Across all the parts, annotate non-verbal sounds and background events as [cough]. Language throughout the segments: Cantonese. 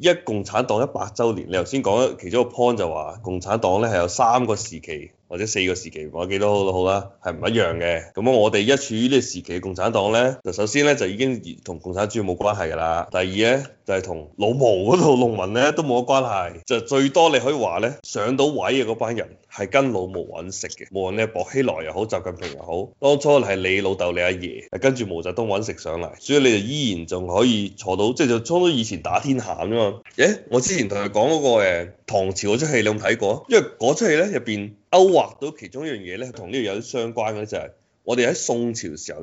一共產黨一百週年，你頭先講其中一個 point 就話共產黨呢係有三個時期。或者四個時期，我記得都好啦，係唔一樣嘅。咁我哋一處於呢個時期嘅共產黨呢，就首先呢就已經同共產主義冇關係㗎啦。第二呢，就係、是、同老毛嗰套農民呢都冇乜關係。就最多你可以話呢，上到位嘅嗰班人係跟老毛揾食嘅，無論你薄熙來又好，習近平又好，當初係你老豆你阿爺係跟住毛澤東揾食上嚟，所以你就依然仲可以坐到，即係就初、是、初以前打天下啫嘛。我之前同佢講嗰個誒。唐朝嗰出戲你有冇睇過？因為嗰出戲咧入面勾畫到其中一樣嘢咧，同呢度有啲相關嘅就係、是、我哋喺宋朝的時候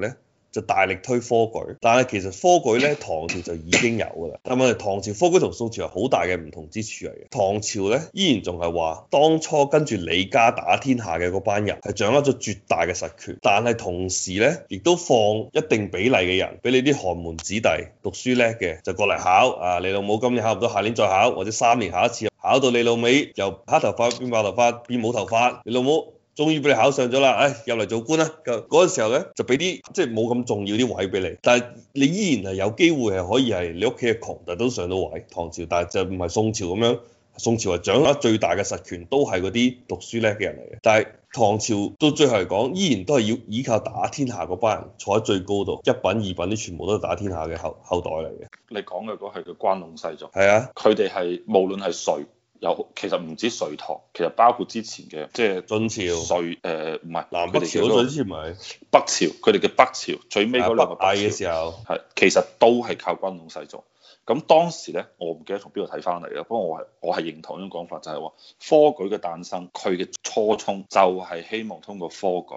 就大力推科舉，但係其實科舉咧，唐朝就已經有噶啦。但係唐朝科舉同宋朝有好大嘅唔同之處嚟嘅。唐朝咧依然仲係話，當初跟住李家打天下嘅嗰班人係掌握咗絕大嘅實權，但係同時咧亦都放一定比例嘅人，俾你啲寒門子弟讀書叻嘅就過嚟考。啊，你老母今年考唔到，下年再考，或者三年考一次，考到你老尾由黑頭髮變白頭髮變冇頭髮，你老母。終於俾你考上咗啦！唉、哎，入嚟做官啦。嗰嗰陣時候咧，就俾啲即係冇咁重要啲位俾你，但係你依然係有機會係可以係你屋企嘅窮，但都上到位。唐朝，但係就唔係宋朝咁樣。宋朝係掌握最大嘅實權，都係嗰啲讀書叻嘅人嚟嘅。但係唐朝到最後嚟講，依然都係要依靠打天下嗰班人坐喺最高度，一品二品啲全部都係打天下嘅後後代嚟嘅。你講嘅嗰係叫關隴世族，係啊，佢哋係無論係誰。有，其實唔止隋唐，其實包括之前嘅即係晉朝、隋誒，唔、呃、係南北朝，好似唔係北朝，佢哋嘅北朝最尾嗰兩個帝嘅時候，係其實都係靠關隴世族。咁當時咧，我唔記得從邊度睇翻嚟啦。不過我係我係認同呢種講法，就係，就係話科舉嘅誕生，佢嘅初衷就係希望通過科舉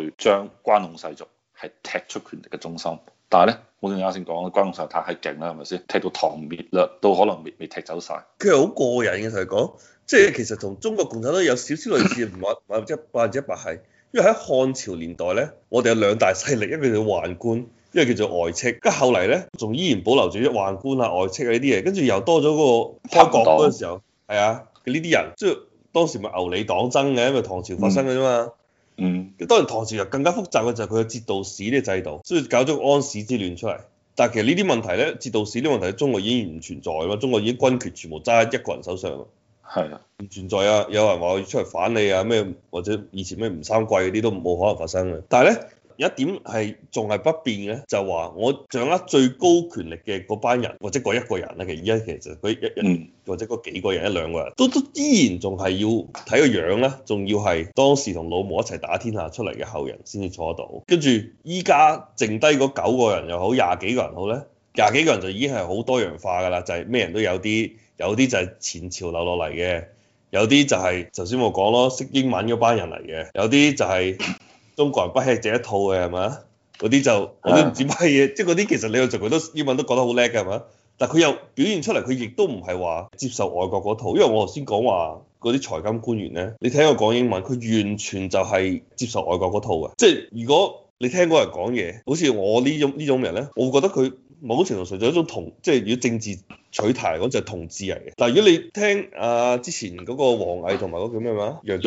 去將關隴世族係踢出權力嘅中心。但係咧，好似啱先講，關公上太係勁啦，係咪先？踢到唐滅啦，都可能未未踢走晒。佢係好過癮嘅，同你講，即係其實同中國共產黨有少少類似，唔話百分之百，百分之百係。因為喺漢朝年代咧，我哋有兩大勢力，一個叫宦官，一個叫做外戚。咁後嚟咧，仲依然保留住啲宦官啊、外戚啊呢啲嘢，跟住又多咗嗰個開國嗰陣時候，係到啊，呢啲人即係當時咪牛李黨爭嘅，因為唐朝發生嘅啫嘛。嗯，咁當然唐朝更加複雜嘅就係佢有節度使呢個制度，所以搞咗安史之亂出嚟。但係其實呢啲問題咧，節度使呢啲問題，中國已經唔存在啦。中國已經軍權全部揸喺一個人手上啦。係啦，唔存在啊！有人話要出嚟反你啊？咩或者以前咩吳三桂嗰啲都冇可能發生嘅。但係咧。有一點係仲係不變嘅，就話我掌握最高權力嘅嗰班人，或者嗰一個人咧，其實而家其實佢一,一,一或者嗰幾個人一兩個人，都都依然仲係要睇個樣咧，仲要係當時同老母一齊打天下出嚟嘅後人先至坐到。跟住依家剩低嗰九個人又好，廿幾個人好咧，廿幾個人就已經係好多元化㗎喇，就係，是，咩人都有啲，有啲就係前朝留落嚟嘅，有啲就係頭先我講咯，識英文嗰班人嚟嘅，有啲就係，是。中國人不吃這一套嘅係嘛？嗰啲就的我都唔知乜嘢，即係嗰啲其實你又就覺得都英文都講得好叻嘅係嘛？但係佢又表現出嚟，佢亦都唔係話接受外國嗰套。因為我頭先講話嗰啲財金官員咧，你聽佢講英文，佢完全就係接受外國嗰套嘅。即係如果你聽嗰人講嘢，好似我呢種呢種人咧，我會覺得佢某程度上就一種同，即係如果政治取態嚟講就係同志嚟嘅。但係如果你聽啊之前嗰個王毅同埋嗰叫咩話楊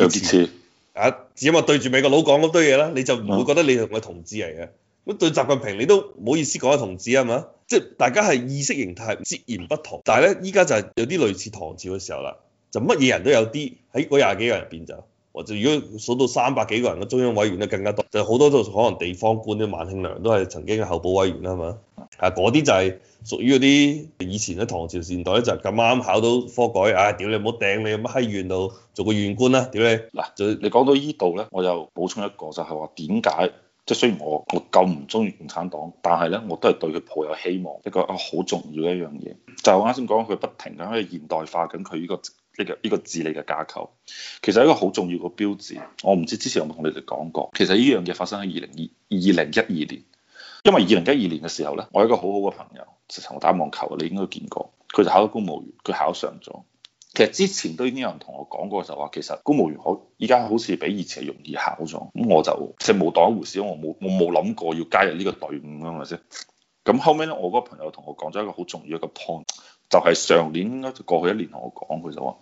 啊！只咪對住美國佬講嗰堆嘢啦，你就唔會覺得你係同佢同志嚟嘅。咁對習近平，你都唔好意思講係同志啊，係嘛？即係大家係意識形態截然不同。但係咧，依家就係有啲類似唐朝嘅時候啦，就乜嘢人都有啲喺嗰廿幾個人入邊就，或者如果數到三百幾個人嘅中央委員咧，更加多，就好多都可能地方官，啲萬慶良都係曾經嘅候補委員啦，係嘛？啊！嗰啲就係屬於嗰啲以前嘅唐朝時代咧，就咁啱考到科舉，啊、哎、屌你唔好掟你咁喺縣度做個縣官啦！屌你嗱，你講到依度咧，我又補充一個就係話點解？即係雖然我我夠唔中意共產黨，但係咧，我都係對佢抱有希望。一個好重要一樣嘢，就係、我啱先講佢不停咁喺度現代化緊佢呢個依、呢個依、呢個治理嘅架構，其實一個好重要個標誌。我唔知之前有冇同你哋講過，其實呢樣嘢發生喺二零二二零一二年。因為二零一二年嘅時候呢，我有一個好好嘅朋友，同我打網球，你應該見過，佢就考咗公務員，佢考上咗。其實之前都已經有人同我講過，就話，其實公務員好，依家好似比以前容易考咗。咁我就即係、就是、冇當一回事，我冇我冇諗過要加入呢個隊伍，係咪先？咁後尾呢，我嗰個朋友同我講咗一個好重要一個 point。就係上年應該就過去一年同我講，佢就話，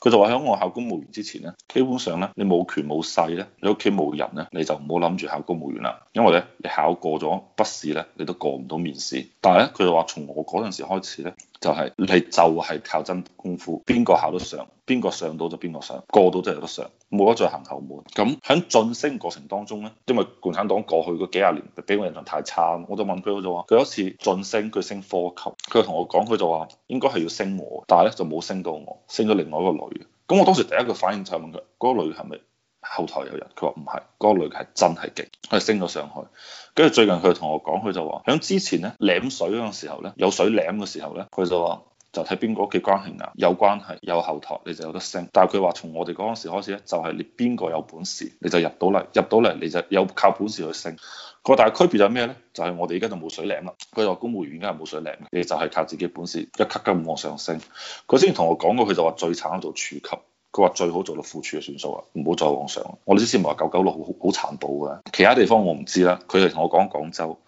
佢就話喺我考公務員之前咧，基本上咧你冇權冇勢咧，你屋企冇人咧，你就唔好諗住考公務員啦，因為咧你考過咗筆試咧，你都過唔到面試。但係咧，佢就話從我嗰陣時開始咧，就係你就係靠真功夫，邊個考得上，邊個上到就邊個上，過到真係得上，冇得再行後門。咁喺晉升過程當中咧，因為共產黨過去嗰幾廿年俾我印象太差，我就問佢我就話，佢有一次晉升佢升科級，佢就同我講佢就話。應該係要升我，但係咧就冇升到我，升咗另外一個女嘅。咁我當時第一個反應就係問佢：嗰個女係咪後台有人？佢話唔係，嗰個女係真係勁，佢升咗上去。跟住最近佢同我講，佢就話響之前咧舐水嗰陣時候咧，有水舐嘅時候咧，佢就話。就睇邊個屋企關係啊，有關係有後台，你就有得升。但係佢話從我哋嗰陣時開始咧，就係、是、你邊個有本事你就入到嚟，入到嚟你就有靠本事去升。個大區別就係咩咧？就係、是、我哋而家就冇水檯啦。佢話公務員依家係冇水領嘅，你就係靠自己本事一級級往上升。佢先同我講過，佢就話最慘做處級，佢話最好做到副處嘅算數啦，唔好再往上。我哋之前唔係話九九六好好殘暴嘅，其他地方我唔知啦。佢係同我講廣州，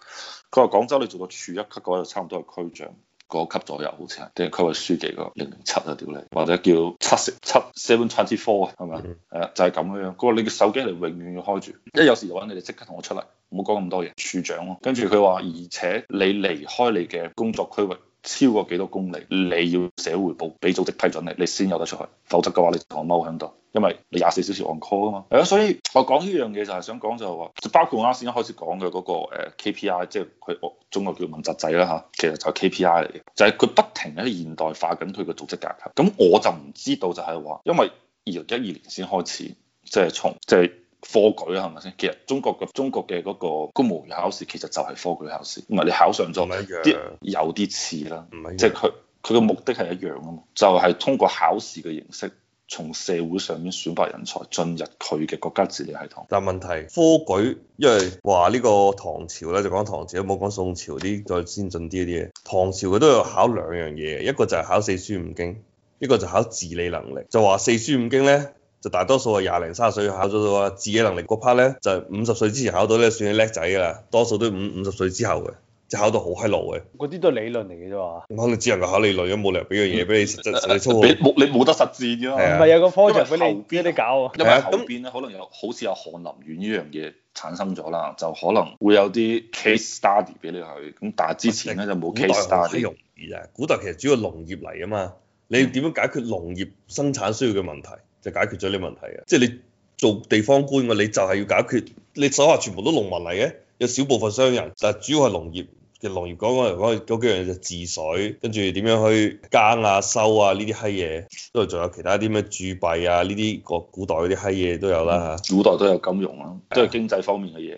佢話廣州你做到處一級嗰度差唔多係區長，個級左右好似，定係區委書記，個零零七啊，屌你，或者叫七七 seven twenty four 啊，係咪係啊，mm hmm. 就係咁樣樣。不過你嘅手機係永遠要開住，一有事嘅話搵你哋即刻同我出嚟，唔好講咁多嘢。處長咯、啊，跟住佢話，而且你離開你嘅工作區域。超過幾多公里，你要寫回報，俾組織批准你，你先有得出去。否則嘅話，你坐踎喺度，因為你廿四小時 on call 啊嘛。係啊，所以我講呢樣嘢就係想講就係、是、話，就包括我啱先開始講嘅嗰個 KPI，即係佢中國叫問責制啦嚇，其實就係 KPI 嚟嘅，就係、是、佢不停喺現代化緊佢個組織架構。咁我就唔知道就係、是、話，因為二零一二年先開始，即、就、係、是、從即係。就是科舉啊，係咪先？其實中國嘅中國嘅嗰個公務員考試，其實就係科舉考試，唔係你考上咗，咪一樣，有啲似啦，唔係，即係佢佢嘅目的係一樣啊嘛，就係、是、通過考試嘅形式，從社會上面選拔人才進入佢嘅國家治理系統。但問題科舉，因為話呢、這個唐朝咧，就講唐朝，冇講宋朝啲再先進啲啲嘢。唐朝佢都有考兩樣嘢，一個就係考四書五經，一個就考治理能力。就話四書五經咧。就大多數係廿零三十歲考到嘅話，自己能力嗰 part 咧就係五十歲之前考到咧算係叻仔噶啦，多數都五五十歲之後嘅，即考到好閪落嘅。嗰啲都係理論嚟嘅啫嘛，我肯定只能夠考慮考慮理論，都冇理由俾樣嘢俾你實質實質操、嗯。你冇得實戰嘅、啊，唔係有個 project 俾你邊一啲搞。因為後邊咧可能有好似有翰林院呢樣嘢產生咗啦，就可能會有啲 case study 俾你去。咁但係之前咧是就冇 case study。古代好容易啊！古代其實主要農業嚟啊嘛，你要點樣解決農業生產需要嘅問題？就解決咗呢個問題啊！即係你做地方官嘅，你就係要解決你手下全部都農民嚟嘅，有少部分商人，但係主要係農業嘅農業講農業講嚟講，嗰幾樣就治水，跟住點樣去耕啊、收啊呢啲閪嘢。都係仲有其他啲咩鑄幣啊？呢啲個古代嗰啲閪嘢都有啦嚇。古代都有金融啊，的都係經濟方面嘅嘢。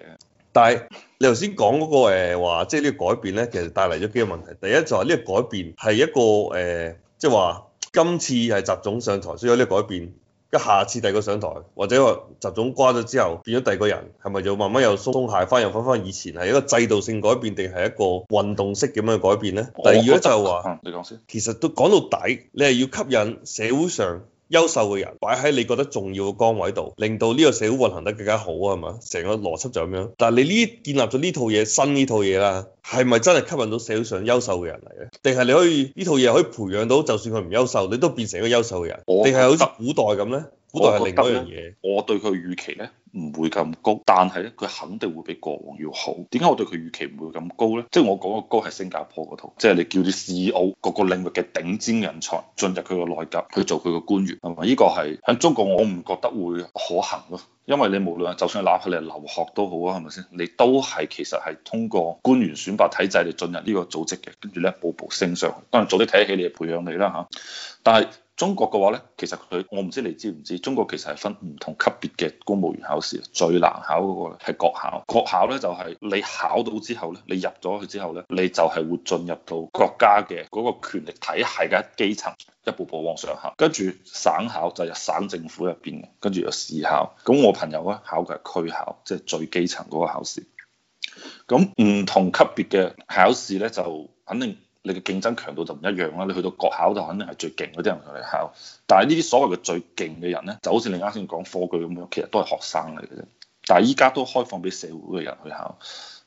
但係你頭先講嗰個誒話，即係呢個改變咧，其實帶嚟咗幾個問題。第一就係呢個改變係一個誒，即係話今次係習總上台，所以呢個改變。一下次第二個上台，或者話集中瓜咗之後變咗第二個人，係咪就慢慢又鬆懈翻，又翻翻以前係一個制度性改變定係一個運動式點樣嘅改變呢？我覺得，第二個就話、嗯，你講先，其實都講到底，你係要吸引社會上，優秀嘅人擺喺你覺得重要嘅崗位度，令到呢個社會運行得更加好啊，係嘛，成個邏輯就咁樣。但係你呢，建立咗呢套嘢，新呢套嘢啦，係咪真係吸引到社會上優秀嘅人嚟咧？定係你可以呢套嘢可以培養到，就算佢唔優秀，你都變成一個優秀嘅人？定係好似古代咁呢？估到係另一樣嘢，我，我對佢預期咧唔會咁高，但係咧佢肯定會比國王要好。點解我對佢預期唔會咁高咧？即係我講嘅高係新加坡嗰度，即係你叫啲絲澳各個領域嘅頂尖人才進入佢個內閣去做佢個官員，同埋呢個係喺中國我唔覺得會可行咯。因為你無論就算攬佢嚟留學都好啊，係咪先？你都係其實係通過官員選拔體制嚟進入呢個組織嘅，跟住咧步步升上去，當然早啲睇起你嚟培養你啦嚇。但係。中國嘅話咧，其實佢我唔知你知唔知，中國其實係分唔同級別嘅公務員考試，最難考嗰個咧係國考，國考咧就係、是、你考到之後咧，你入咗去之後咧，你就係會進入到國家嘅嗰個權力體系嘅基層，一步步往上考。跟住省考就入省政府入邊嘅，跟住又市考。咁我朋友咧考嘅係區考，即、就、係、是、最基層嗰個考試。咁唔同級別嘅考試咧，就肯定，你嘅競爭強度就唔一樣啦，你去到國考就肯定係最勁嗰啲人嚟考，但係呢啲所謂嘅最勁嘅人咧，就好似你啱先講科舉咁樣，其實都係學生嚟嘅啫。但係依家都開放俾社會嘅人去考，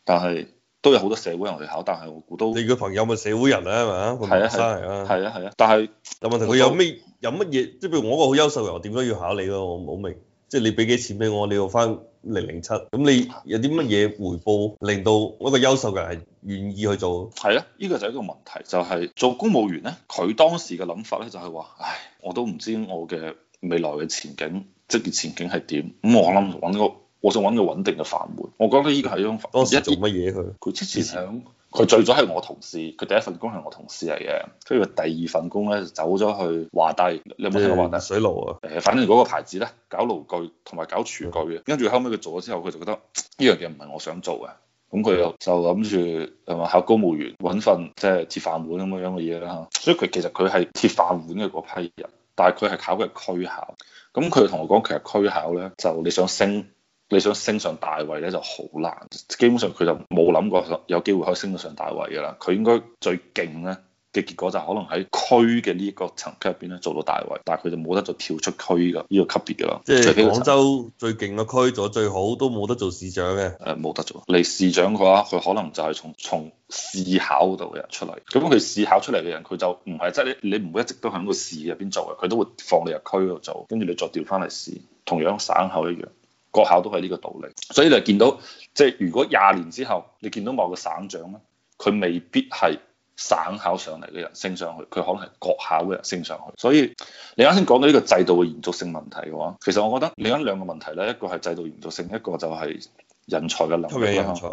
但係都有好多社會人去考，但係我估都你嘅朋友咪社會人咧，係嘛？係啊，係啊，係啊，係啊，啊，啊。但係有問題，佢都有咩有乜嘢？即係譬如我一個好優秀人，點解要考你咯？我唔好明。即係你俾幾錢俾我，你要翻零零七，咁你有啲乜嘢回報令到一個優秀嘅人係願意去做？係啊，呢個就係一個問題，就係做公務員咧，佢當時嘅諗法咧就係話，唉，我都唔知我嘅未來嘅前景、職業前景係點，咁我諗揾個，我想揾個穩定嘅飯碗。我覺得呢個係一種當時做乜嘢佢？佢一之前響。佢最早係我同事，佢第一份工係我同事嚟嘅，跟住第二份工咧走咗去華帝，你有冇聽過華帝水爐啊？誒，反正嗰個牌子咧，搞爐具同埋搞廚具，跟住、嗯、後尾佢做咗之後，佢就覺得呢樣嘢唔係我想做嘅，咁佢又就諗住係咪考公務員揾份即係鐵飯碗咁樣嘅嘢啦？所以佢其實佢係鐵飯碗嘅嗰批人，但係佢係考嘅區考，咁佢同我講其實區考咧就你想升。你想升上大位咧就好難，基本上佢就冇諗過有機會可以升得上大位嘅啦。佢應該最勁咧嘅結果就可能喺區嘅呢一個層級入邊咧做到大位，但係佢就冇得再跳出區噶呢個級別噶啦。即係廣州最勁嘅區咗最好都冇得做市長嘅。誒，冇得做，嚟市長嘅話，佢可能就係從從市考度嘅人出嚟。咁佢市考出嚟嘅人，佢就唔係即係你唔會一直都喺個市入邊做嘅，佢都會放你入區度做，跟住你再調翻嚟市，同樣省考一樣。國考都係呢個道理，所以你見到即係如果廿年之後，你見到某個省長咧，佢未必係省考上嚟嘅人升上去，佢可能係國考嘅人升上去。所以你啱先講到呢個制度嘅延續性問題嘅話，其實我覺得另外兩個問題咧，一個係制度延續性，一個就係人才嘅能力啦。人才，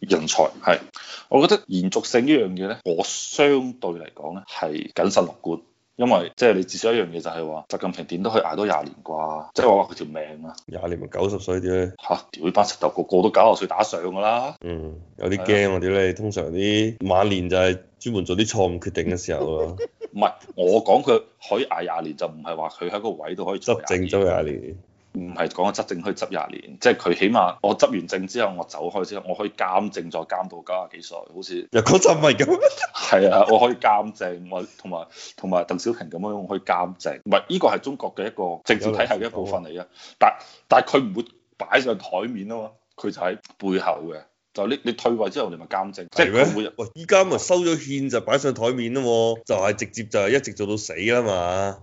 人才係。我覺得延續性呢樣嘢咧，我相對嚟講咧係謹慎樂觀。因為即係你至少一樣嘢，就係話，習近平點都可以挨多廿年啩，即係話佢條命啊，廿年咪九十歲啫，吓屌，班石頭個個都九十歲打上噶啦，嗯，有啲驚我屌你，的通常啲晚年就係專門做啲錯誤決定嘅時候咯，唔係 [laughs] 我講佢可以挨廿年就唔係話佢喺個位都可以執政咗廿年，唔係講個執政可以執廿年，即係佢起碼我執完政之後，我走開之後，我可以監政再監到九十幾歲，好似嗰陣唔係咁。係啊， [laughs] 我可以監政，我同埋同埋鄧小平咁樣我可以監政。唔係，呢個係中國嘅一個政治體系嘅一部分嚟嘅。 [music] 但但係佢唔會擺上台面啊嘛，佢就喺背後嘅。就你你退位之後你證，你咪監政，即係佢會。依家咪收咗憲就擺上台面啦，就係、是、直接就係一直做到死啊嘛。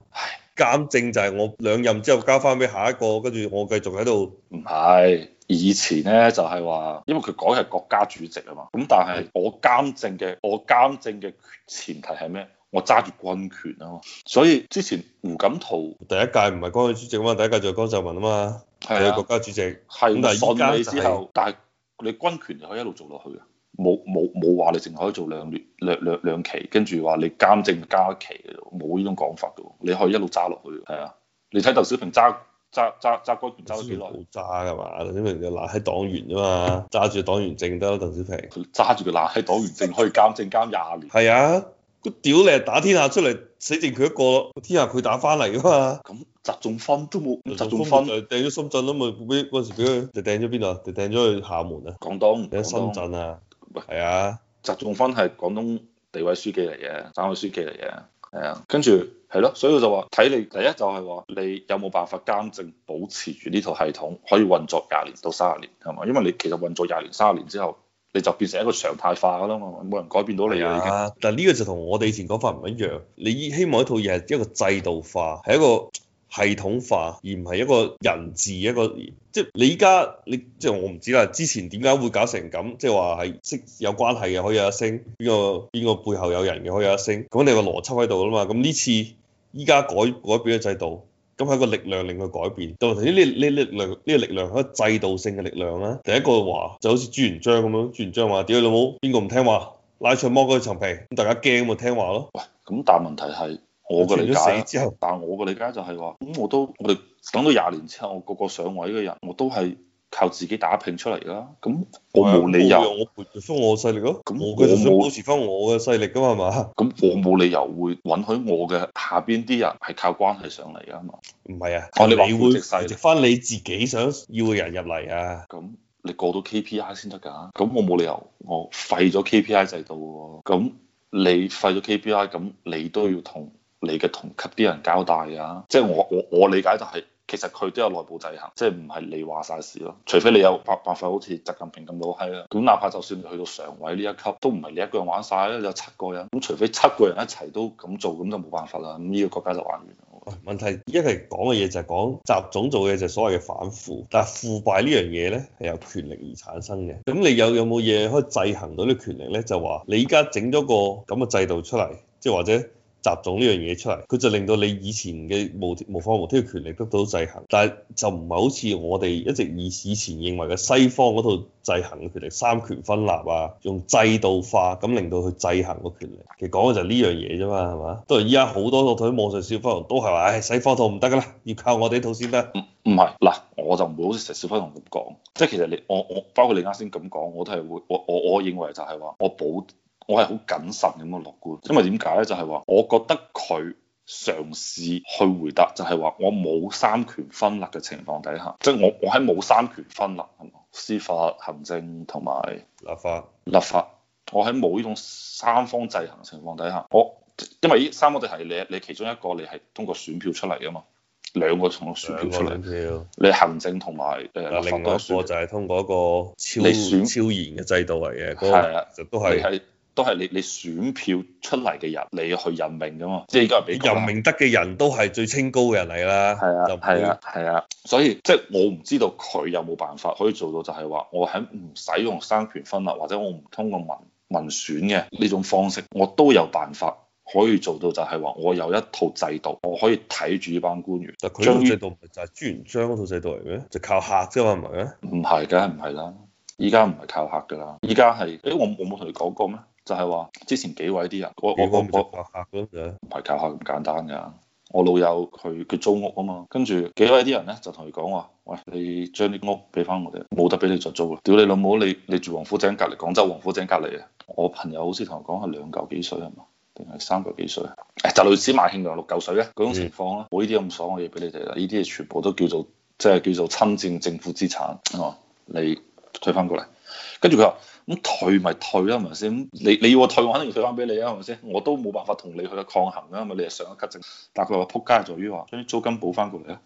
監政就係我兩任之後交翻俾下一個，跟住我繼續喺度。唔係，以前咧就係、是、話，因為佢改係國家主席啊嘛。咁但係我監政嘅，我監政嘅前提係咩？我揸住軍權啊嘛。所以之前胡錦濤第一屆唔係軍委主席啊嘛，第一屆就係江秀文啊嘛，係、啊、國家主席。係、啊，咁但係依、就是、之就但係你軍權就可以一路做落去啊。冇冇冇話你淨可以做兩兩兩兩期，跟住話你監證加期，冇呢種講法嘅喎。你可以一路揸落去，係啊。你睇鄧小平揸揸揸揸嗰段揸咗幾耐？好揸嘅嘛，鄧小平就賴喺黨員啫嘛，揸住黨員證得咯，鄧小平佢揸住個賴喺黨員證 [laughs] 可以監證監廿年。係啊，個屌你係打天下出嚟，死剩佢一個，天下佢打翻嚟嘅嘛。咁習仲勳都冇，習仲勳，掟咗深圳啦嘛，嗰陣時俾佢就掟咗邊度？就掟咗去廈門啊，廣東定深圳啊？喂，係啊，習仲勳係廣東地委書記嚟嘅，省委書記嚟嘅，係啊，跟住係咯，所以我就話睇你第一就係、是、話你有冇辦法監證保持住呢套系統可以運作廿年到卅年，係嘛？因為你其實運作廿年卅年之後，你就變成一個常態化噶啦嘛，冇人改變到你啊。啊，但係呢個就同我哋以前講法唔一樣，你希望一套嘢係一個制度化，係一個。系統化，而唔係一個人治一個，即係你依家你即係我唔知啦。之前點解會搞成咁？即係話係識有關係嘅可以有一升，邊個邊個背後有人嘅可以有一升。咁你個邏輯喺度啦嘛。咁呢次依家改改變咗制度，咁係個力量令佢改變。但係呢呢呢力呢個力量係一個制度性嘅力量啦。第一個話就好似朱元璋咁樣，朱元璋話屌你老母，邊個唔聽話，拉出去剝佢層皮，咁大家驚咪聽話咯。喂，咁但係問題係。我嘅理解，之後但係我嘅理解就係話，咁我都我哋等到廿年之後，我個個上位嘅人，我都係靠自己打拼出嚟啦。咁我冇理由，哎、理由我培植翻我勢力咯。咁我嘅想保持翻我嘅勢力噶、啊、嘛，係嘛？咁我冇理由會允許我嘅下邊啲人係靠關係上嚟噶嘛？唔係啊，啊你話升職勢，升翻你自己想要嘅人入嚟啊？咁你過到 KPI 先得噶？咁我冇理由我廢咗 KPI 制度喎、啊？咁你廢咗 KPI，咁你都要同你嘅同級啲人交代㗎、啊，即係我我我理解就係，其實佢都有內部制衡，即係唔係你話晒事咯、啊，除非你有辦辦法，好似習近平咁老係啊。咁哪怕就算你去到常委呢一級，都唔係你一個人玩晒，啦，有七個人，咁除非七個人一齊都咁做，咁就冇辦法啦，咁呢個國家就玩完。問題一係講嘅嘢就係講習總做嘅嘢就係所謂嘅反腐，但係腐敗呢樣嘢咧係有權力而產生嘅，咁你有有冇嘢可以制衡到啲權力咧？就話你而家整咗個咁嘅制度出嚟，即係或者。集中呢樣嘢出嚟，佢就令到你以前嘅無法無天嘅權力得到制衡，但係就唔係好似我哋一直以以前認為嘅西方嗰套制衡嘅權力，三權分立啊，用制度化咁令到佢制衡個權力，其實講嘅就係呢樣嘢啫嘛，係嘛？都係依家好多嗰套網上小粉紅都係話，唉、哎，西方套唔得㗎啦，要靠我哋套先得。唔唔係嗱，我就唔會好似小粉紅咁講，即係其實你我我包括你啱先咁講，我都係會我我我認為就係話我保。我係好謹慎咁嘅樂觀，因為點解咧？就係話我覺得佢嘗試去回答，就係話我冇三權分立嘅情況底下，即係我我喺冇三權分立係嘛？司法、行政同埋立法，立法。我喺冇呢種三方制衡嘅情況底下，我因為呢三方嘅係你你其中一個，你係通過選票出嚟嘅嘛？兩個從選票出嚟，票。你行政同埋另外一個就係通過一個超選超然嘅制度嚟嘅，嗰個就都係。都係你你選票出嚟嘅人，你去任命㗎嘛？即係而家俾任命得嘅人都係最清高嘅人嚟啦。係啊，係啊，係啊。所以即係我唔知道佢有冇辦法可以做到，就係話我喺唔使用三權分立，或者我唔通過民民選嘅呢種方式，我都有辦法可以做到，就係話我有一套制度，我可以睇住呢班官員。但係佢嘅制度就係朱元璋嗰套制度嚟嘅？就靠客啫嘛，唔係咩？唔、欸、係，梗係唔係啦。依家唔係靠客㗎啦。依家係，誒我我冇同你講過咩？就係話之前幾位啲人，我我我我唔係搞笑咁簡單噶。我老友佢佢租屋啊嘛，跟住幾位啲人咧就同佢講話，喂，你將啲屋俾翻我哋，冇得俾你再租啦。屌你老母，你你住王府井隔離，廣州王府井隔離啊！我朋友好似同佢講係兩嚿幾水係嘛，定係三嚿幾水？誒就類似萬慶良六嚿水啊，嗰種情況啦。冇呢啲咁爽嘅嘢俾你哋啦，呢啲嘢全部都叫做即係、就是、叫做侵占政府資產哦，你退翻過嚟。跟住佢話：咁退咪退啦，係咪先？你你要我退，我肯定要退翻俾你啊，係咪先？我都冇辦法同你去抗衡啊，係咪？你係上一級整，但係佢話：仆街在於話將啲租金補翻過嚟啊！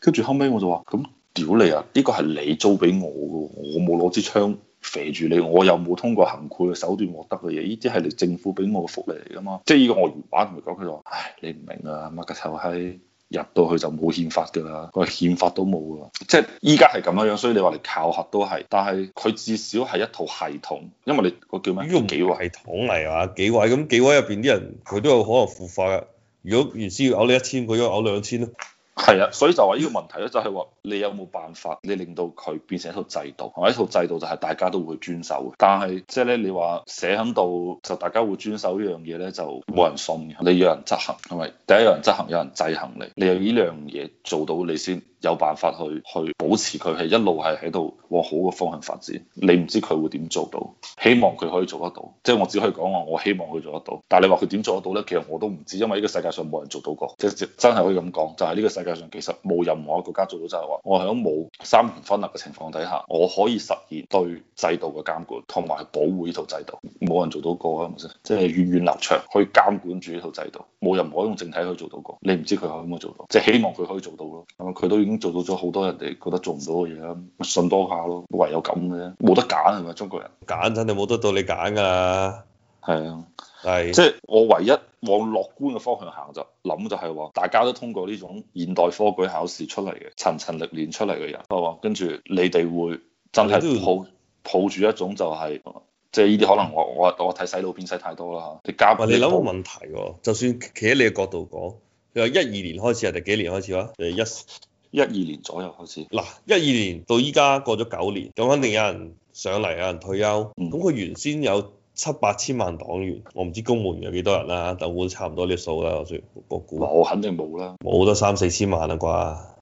跟 [laughs] 住後尾我就話：咁屌你啊！呢、這個係你租俾我嘅，我冇攞支槍肥住你，我又冇通過行賄嘅手段獲得嘅嘢，呢啲係你政府俾我嘅福利嚟㗎嘛！即係呢個我原版同佢講，佢就話：唉、哎，你唔明啊，乜格頭係。入到去就冇憲法㗎啦，個憲法都冇㗎，即係依家係咁樣，所以你話你考核都係，但係佢至少係一套系統，因為你個叫咩？呢個幾位系統嚟啊？幾位咁幾位入邊啲人，佢都有可能腐化嘅。如果原先要咬你一千，佢要咬兩千咯。係啊，所以就話呢個問題咧，就係話你有冇辦法，你令到佢變成一套制度，同一套制度就係大家都會遵守。但係即係咧，你話寫響度就大家會遵守呢樣嘢咧，就冇人信。你有人執行，係咪？第一有人執行，有人制衡你，你有呢樣嘢做到你先。有辦法去去保持佢係一路係喺度往好嘅方向發展。你唔知佢會點做到，希望佢可以做得到。即係我只可以講話我希望佢做得到。但係你話佢點做得到呢？其實我都唔知，因為呢個世界上冇人做到過。即真係可以咁講，就係、是、呢個世界上其實冇任何一個國家做到，就係話我喺冇三權分立嘅情況底下，我可以實現對制度嘅監管同埋保護呢套制度。冇人做到過啊，係咪先？即係遠遠流長可以監管住呢套制度，冇人可以用政體可以做到過。你唔知佢可唔可以做到，即係希望佢可以做到咯。咁佢都已經。做到咗好多人哋覺得做唔到嘅嘢，信多下咯，唯有咁嘅，冇得揀係咪？中國人揀真係冇得到你揀噶，係啊，係的，即係我唯一往樂觀嘅方向行就諗就係話，大家都通過呢種現代科舉考試出嚟嘅，層層歷練出嚟嘅人，係、就是、跟住你哋會真係抱抱住一種就係、是，即係呢啲可能我、嗯、我我睇洗腦片洗太多啦嚇，加你加，你諗個問題喎、啊，就算企喺你嘅角度講，佢話一二年開始定幾年開始啊？你、yes. 一一二年左右開始，嗱，一二年到依家過咗九年，咁肯定有人上嚟，有人退休，咁佢、嗯、原先有七八千萬黨員，我唔知公務員有幾多人啦、啊，但我差唔多呢啲數啦，我算個估，我肯定冇啦，冇得三四千萬啦啩，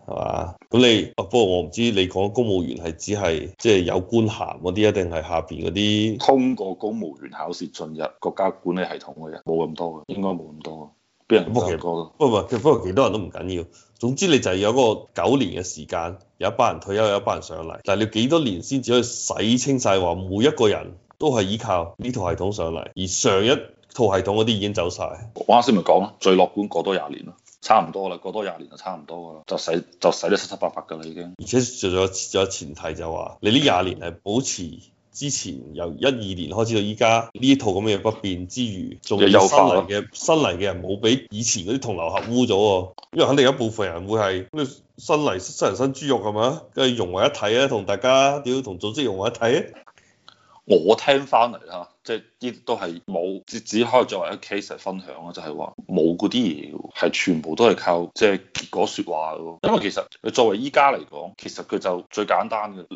係嘛？咁你，不過我唔知你講公務員係只係即係有官銜嗰啲，一定係下邊嗰啲通過公務員考試進入國家管理系統嘅人？冇咁多嘅，應該冇咁多，邊人多啲啊？不過其，不過幾多人都唔緊要。總之，你就係有個九年嘅時間，有一班人退休，有一班人上嚟。但係你幾多年先至可以洗清晒話每一個人都係依靠呢套系統上嚟，而上一套系統嗰啲已經走晒。我啱先咪講咯，最樂觀過多廿年咯，差唔多啦，過多廿年就差唔多噶啦，就洗就洗得七七八八噶啦已經。而且仲有仲有前提就係話，你呢廿年係保持。之前由一二年開始到依家呢套咁嘅嘢不變之餘，仲有新嚟嘅新嚟嘅人冇俾以前嗰啲同流合污咗，因為肯定有一部分人會係咩新嚟新人新豬肉係嘛，跟住融為一體啊，同大家都要同組織融為一體啊。我聽翻嚟啦，即係啲都係冇只只可以作為一 case 分享咯，就係話冇嗰啲嘢，係全部都係靠即係結果說話咯。因為其實作為依家嚟講，其實佢就最簡單嘅。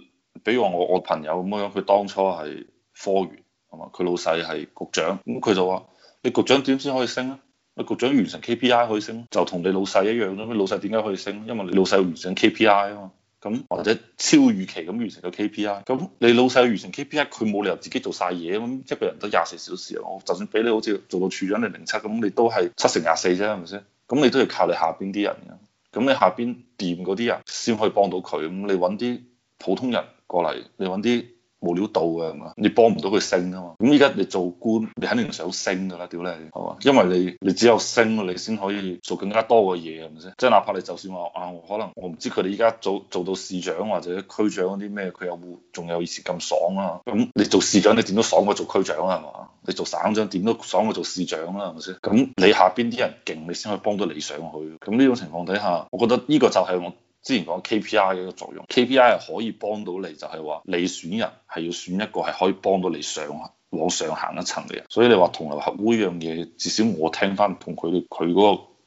比如我我朋友咁樣，佢當初係科員係嘛，佢老細係局長，咁佢就話：你局長點先可以升啊？你局長完成 KPI 可以升，就同你老細一樣咯。咁老細點解可以升？因為你老細完成 KPI 啊嘛。咁或者超預期咁完成咗 KPI，咁你老細完成 KPI，佢冇理由自己做晒嘢咁，一個人都廿四小時啊！我就算俾你好似做到處長定零七咁，你都係七乘廿四啫，係咪先？咁你都係要靠你下邊啲人嘅，咁你下邊掂嗰啲人先可以幫到佢。咁你搵啲普通人。過嚟，你揾啲無料到嘅咁啊，你幫唔到佢升啊嘛。咁依家你做官，你肯定想升噶啦，屌你係嘛？因為你你只有升，你先可以做更加多嘅嘢，係咪先？即係哪怕你就算話啊，可能我唔知佢哋依家做做到市長或者區長嗰啲咩，佢有冇仲有以前咁爽啊？咁你做市長你點都爽過做區長啦，係嘛？你做省長點都爽過做市長啦，係咪先？咁你下邊啲人勁，你先可以幫到你上去。咁呢種情況底下，我覺得呢個就係我之前講 KPI 嘅一個作用，KPI 係可以幫到你，就係話你選人係要選一個係可以幫到你上往上行一層嘅人。所以你話同流合污依樣嘢，至少我聽翻同佢佢嗰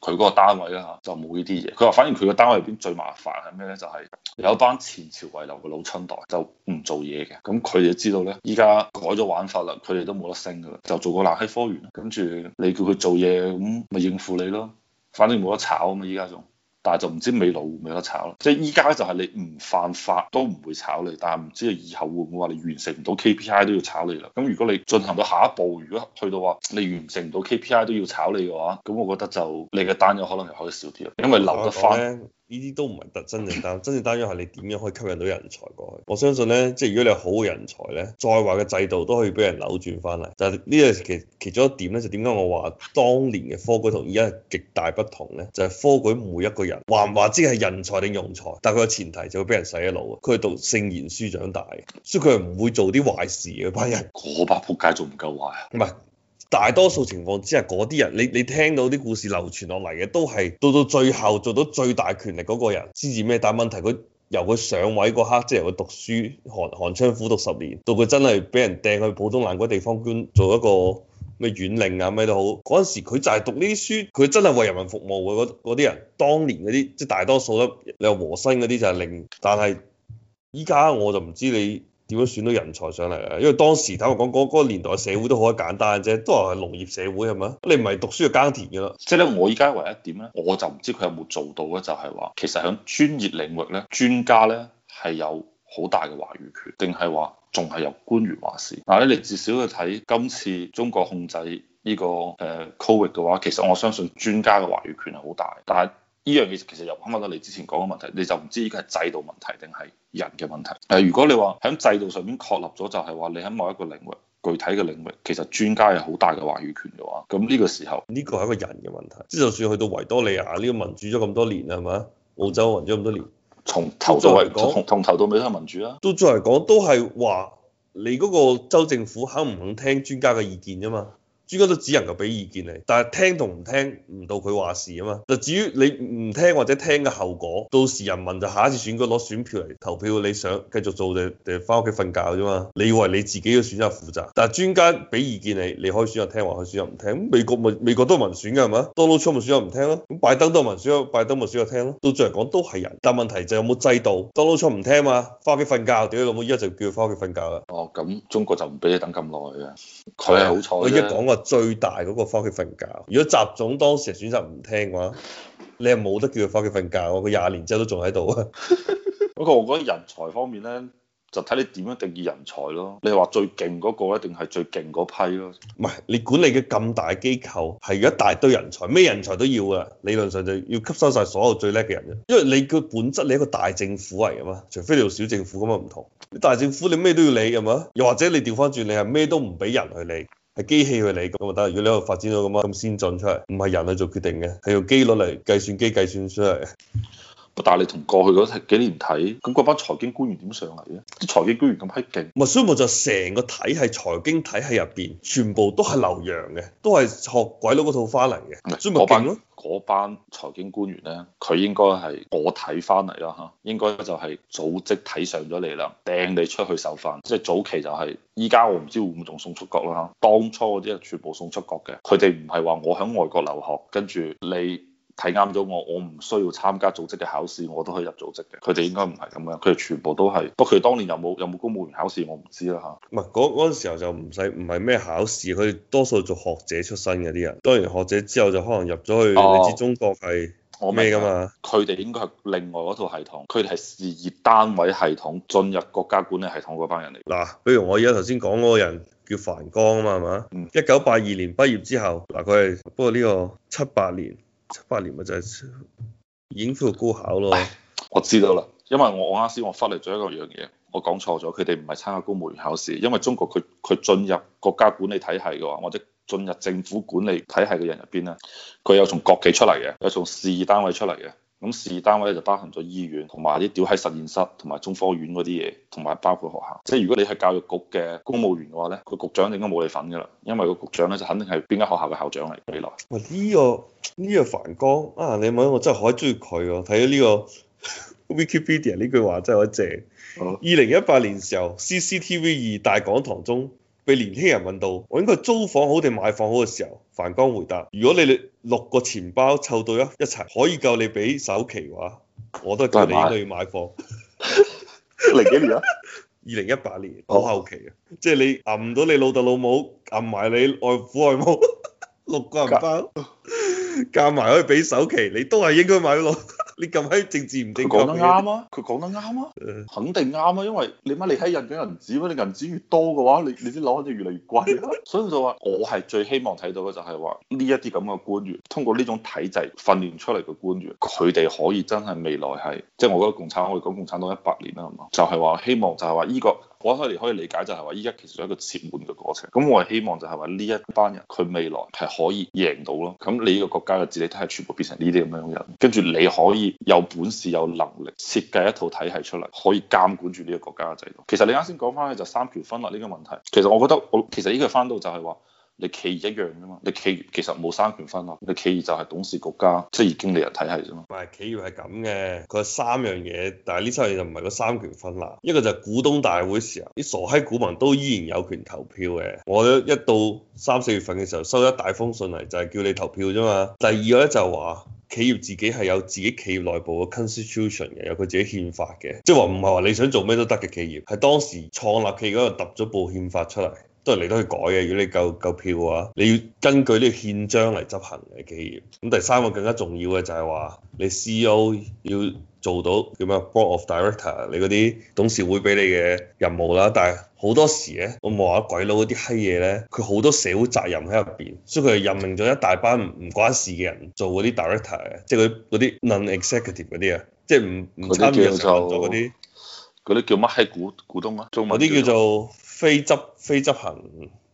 個佢嗰個單位啦嚇，就冇呢啲嘢。佢話反而佢個單位入邊最麻煩係咩咧？就係、是、有一班前朝遺留嘅老親代就唔做嘢嘅，咁佢就知道咧，依家改咗玩法啦，佢哋都冇得升噶啦，就做個冷氣科員，跟住你叫佢做嘢咁咪應付你咯，反正冇得炒啊嘛，依家仲。但係就唔知未來會唔會有得炒咯，即係依家咧就係、是、你唔犯法都唔會炒你，但係唔知以後會唔會話你完成唔到 KPI 都要炒你啦。咁如果你進行到下一步，如果去到話你完成唔到 KPI 都要炒你嘅話，咁我覺得就你嘅單有可能係可以少啲咯，因為留得翻。呢啲都唔係特真正單，真正單要係你點樣可以吸引到人才過去。我相信咧，即係如果你係好嘅人才咧，再壞嘅制度都可以俾人扭轉翻嚟。但係呢個其其中一點咧，就點解我話當年嘅科舉同而家係極大不同咧？就係科舉每一個人話唔話之係人才定庸才，但係佢嘅前提就會俾人洗腦，佢係讀聖賢書長大，所以佢係唔會做啲壞事嘅班人。嗰班仆街仲唔夠壞啊？唔係。大多數情況之下，嗰啲人你你聽到啲故事流傳落嚟嘅，都係到到最後做到最大權力嗰個人先至咩？但係問題佢由佢上位嗰刻，即係由佢讀書寒寒窗苦讀十年，到佢真係俾人掟去普通爛鬼地方捐做一個咩縣令啊咩都好，嗰陣時佢就係讀呢啲書，佢真係為人民服務嗰啲人。當年嗰啲即係大多數都你話和珅嗰啲就係令，但係依家我就唔知你。點樣選到人才上嚟嘅？因為當時睇我講嗰個年代社會都好簡單啫，都係農業社會係嘛？你唔係讀書就耕田嘅啦。即係咧，我依家唯一一點咧，我就唔知佢有冇做到咧，就係話其實喺專業領域咧，專家咧係有好大嘅話語權，定係話仲係由官員話事嗱咧？你至少去睇今次中國控制呢個誒 COVID 嘅話，其實我相信專家嘅話語權係好大，但係。呢樣嘢其實又啱啱都嚟之前講嘅問題，你就唔知依家係制度問題定係人嘅問題。誒，如果你話喺制度上面確立咗就係話你喺某一個領域、具體嘅領域，其實專家係好大嘅話語權嘅話，咁呢個時候呢個係一個人嘅問題。即就算去到維多利亞呢、呢個民主咗咁多年係咪？澳洲民主咗咁多年從從，從頭到尾從從頭到尾都係民主啦。都再嚟講都係話你嗰個州政府肯唔肯聽專家嘅意見啫嘛。專家都只能夠俾意見你，但係聽同唔聽唔到佢話事啊嘛。就至於你唔聽或者聽嘅後果，到時人民就下一次選舉攞選票嚟投票，你想繼續做定定翻屋企瞓覺啫嘛？你以為你自己嘅選擇負責。但係專家俾意見你，你可以選擇聽，或者可以選擇唔聽。美國咪美國都民選嘅係嘛？多撈出咪選擇唔聽咯。咁拜登都民選，拜登咪選，選，選擇聽咯。到最後講都係人，但係問題就有冇制度。多撈出唔聽嘛，翻屋企瞓覺。屌你老母，依家就叫佢翻屋企瞓覺啦。哦，咁中國就唔俾你等咁耐嘅，佢係好彩。佢一講最大嗰個返屋企瞓覺。如果習總當時選擇唔聽嘅話， [laughs] 你係冇得叫佢返屋企瞓覺。佢廿年之後都仲喺度啊。不 [laughs] 過我覺得人才方面咧，就睇你點樣定義人才咯。你話最勁嗰個咧，定係最勁嗰批咯？唔係你管理嘅咁大機構，係一大堆人才，咩人才都要啊。理論上就要吸收晒所有最叻嘅人。因為你嘅本質，你係一個大政府嚟嘅嘛。除非你做小政府咁樣，唔同。你大政府你咩都要理，嘅嘛？又或者你調翻轉，你係咩都唔俾人去理。係機器去理㗎，我覺得如果你喺度發展到咁樣，咁先進出嚟，唔係人去做決定嘅，係用機率嚟計算機計算出嚟。但係你同過去嗰幾年睇，咁嗰班，班財經官員點上嚟咧？啲財經官員咁閪勁，咪所以就成個體系財經體系入邊，全部都係留洋嘅，都係學鬼佬嗰套翻嚟嘅。唔係嗰班嗰班財經官員咧，佢應該係我睇翻嚟啦嚇，應該就係組織睇上咗你啦，掟你出去受訓。即係早期就係依家我唔知會唔會仲送出國啦嚇。當初嗰啲全部送出國嘅，佢哋唔係話我響外國留學，跟住你。睇啱咗我，我唔需要參加組織嘅考試，我都可以入組織嘅。佢哋應該唔係咁樣，佢哋全部都係。不過佢當年有冇有冇公務員考試，我唔知啦嚇。咁啊，嗰嗰時候就唔使，唔係咩考試。佢多數做學者出身嘅啲人，當完學者之後就可能入咗去。哦、你知中國係咩㗎嘛？佢哋應該係另外嗰套系統，佢哋係事業單位系統進入國家管理系統嗰班人嚟。嗱，譬如我而家頭先講嗰個人叫樊綱啊嘛，係嘛？嗯。一九八二年畢業之後，嗱佢係，不過呢個七八年。七八年咪就係應付高考咯，我知道啦，因為我我啱先我忽略咗一個樣嘢，我講錯咗，佢哋唔係參加公務員考試，因為中國佢佢進入國家管理體系嘅話，或者進入政府管理體系嘅人入邊咧，佢有從國企出嚟嘅，有從事業單位出嚟嘅。咁事業單位咧就包含咗醫院，同埋啲屌喺實驗室，同埋中科院嗰啲嘢，同埋包括學校。即係如果你係教育局嘅公務員嘅話咧，個局長應該冇你份噶啦，因為個局長咧就肯定係邊間學校嘅校長嚟。幾耐？啊？喂、呢個，呢、呢個呢個凡哥啊，你問我真係好中意佢喎，睇到呢個 [laughs] Wikipedia 呢句話真係好正。二零一八年時候，CCTV 二大講堂中。被年輕人問到，我應該租房好定買房好嘅時候，樊綱回答：如果你哋六個錢包湊到一一齊，可以夠你俾首期嘅話，我都建議你都要買房。零幾 [laughs] 年啊，二零一八年好後期啊，即係你揞唔到你老豆老母，揞埋你外父外母，六個銀包夾埋加 [laughs] 可以俾首期，你都係應該買樓。加 [laughs] 你咁閪政治唔正確嘅，佢講得啱啊！佢講得啱啊！ [laughs] 肯定啱啊！因為你乜你喺印緊銀紙乜，你銀紙越多嘅話，你你啲樓肯定越嚟越貴啊。 [laughs] 所以就話，我係最希望睇到嘅就係話，呢一啲咁嘅官員，通過呢種體制訓練出嚟嘅官員，佢哋可以真係未來係，即係我覺得共產黨，可以講共產黨一百年啦，係嘛？就係話希望就係話依個。我可以嚟可以理解就係話依家其實就係一個撤換嘅過程，咁我係希望就係話呢一班人佢未來係可以贏到咯，咁你呢個國家嘅治理都係全部變成呢啲咁樣嘅人，跟住你可以有本事有能力設計一套體系出嚟，可以監管住呢個國家嘅制度。其實你啱先講翻去就三權分立呢個問題，其實我覺得我其實呢個翻到就係話。你企業一樣啫嘛，你企業其實冇三權分立，你企業就係董事局家職業、就是、經理人體系啫嘛。唔係企業係咁嘅，佢三樣嘢，但係呢三樣嘢就唔係個三權分立。一個就係股東大會時候，啲傻閪股民都依然有權投票嘅。我一到三四月份嘅時候，收一大封信嚟，就係、是、叫你投票啫嘛。第二個咧就話、是、企業自己係有自己企業內部嘅 constitution 嘅，有佢自己憲法嘅，即係話唔係話你想做咩都得嘅企業，係當時創立企業嗰度揼咗部憲法出嚟。都係嚟得去改嘅，如果你夠夠票嘅話，你要根據呢個憲章嚟執行嘅企業。咁第三個更加重要嘅就係話，你 CEO 要做到叫咩 Board of Director，你嗰啲董事會俾你嘅任務啦。但係好多時咧，我話鬼佬嗰啲閪嘢咧，佢好多社會責任喺入邊，所以佢係任命咗一大班唔關事嘅人做嗰啲 director 即係佢嗰啲 non-executive 嗰啲啊，即係唔唔參與日常嗰啲。嗰啲叫乜閪股股東啊？嗰啲叫做。非執非執行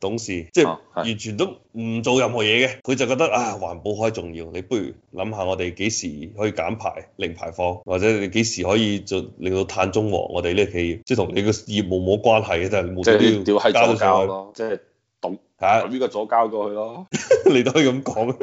董事，即係完全都唔做任何嘢嘅，佢就覺得啊，環保好重要，你不如諗下我哋幾時可以減排、零排放，或者你幾時可以做令到碳中和，我哋呢個企業，即係同你個業務冇關係嘅，但係冇所都要加到上去咯，即係咁吓呢個左膠、就是、過去咯，啊、 [laughs] 你都可以咁講，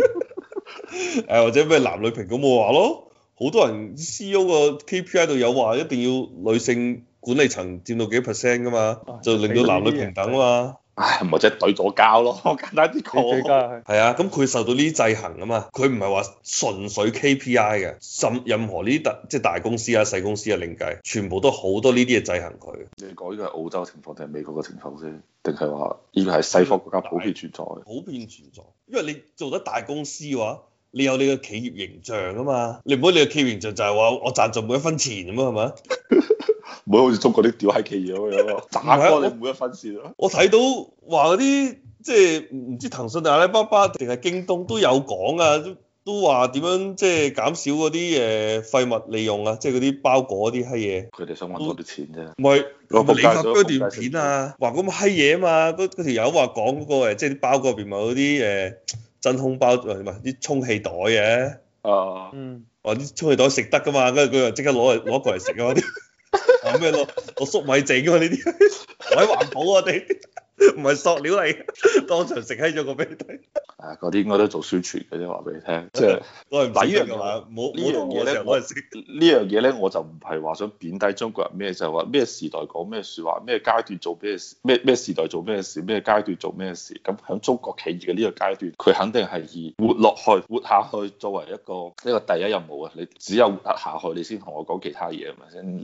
誒 [laughs] 或者咩男女平等冇話咯，好多人 C E O 個 K P I 度有話一定要女性。管理層佔到幾 percent 㗎嘛？啊、就令到男女平等啊嘛！唉、啊，或者懟咗交咯，簡單啲講。係 [laughs] 啊，咁、嗯、佢受到呢啲制衡啊嘛。佢唔係話純粹 KPI 嘅，甚任何呢啲大即係大公司啊、細公司啊，另計全部都好多呢啲嘢制衡佢。你講呢個係澳洲情況定係美國嘅情況先？定係話呢個係西方國家普遍存在？普遍存在，因為你做得大公司嘅話，你有你嘅企業形象啊嘛。你唔好你嘅企業形象就係話我賺盡每一分錢咁啊，係咪 [laughs] 唔會好似中國啲屌閪企業咁樣炸開你，唔會一分線咯、啊啊。我睇到話嗰啲即係唔知騰訊定阿里巴巴定係京東都有講啊，都都話點樣即係減少嗰啲誒廢物利用啊，即係嗰啲包裹啲閪嘢。佢哋想搵多啲錢啫。唔係都，嗰是個李家鋇片啊，話咁閪嘢啊嘛，嗰條友話講嗰個說說、那個、即係啲包裹入邊咪有啲誒真空包唔係啲充氣袋嘅、啊。哦。Uh. 嗯。話啲充氣袋食得㗎嘛，跟住佢又即刻攞嚟攞過嚟食啊。 [laughs] 咩 [laughs] 咯、啊？哈哈我粟米整喎呢啲，喺環保啊！我哋唔係塑料嚟，當場食閪咗個杯底。啊！嗰啲應該都做宣傳嘅啫，話俾你聽，即係嗱呢樣嘅話，冇好我我呢樣嘢咧。嗰陣時呢樣嘢咧，我，我就唔係話想貶低中國人咩？就話、是、咩時代講咩説話，咩階段做咩事，咩咩時代做咩事，咩階段做咩事。咁喺中國企業嘅呢個階段，佢肯定係以活落去，去、活下去作為一個一個，一個第一，個第一個任務啊！你只有活得下去，你先同我講其他嘢，係咪先？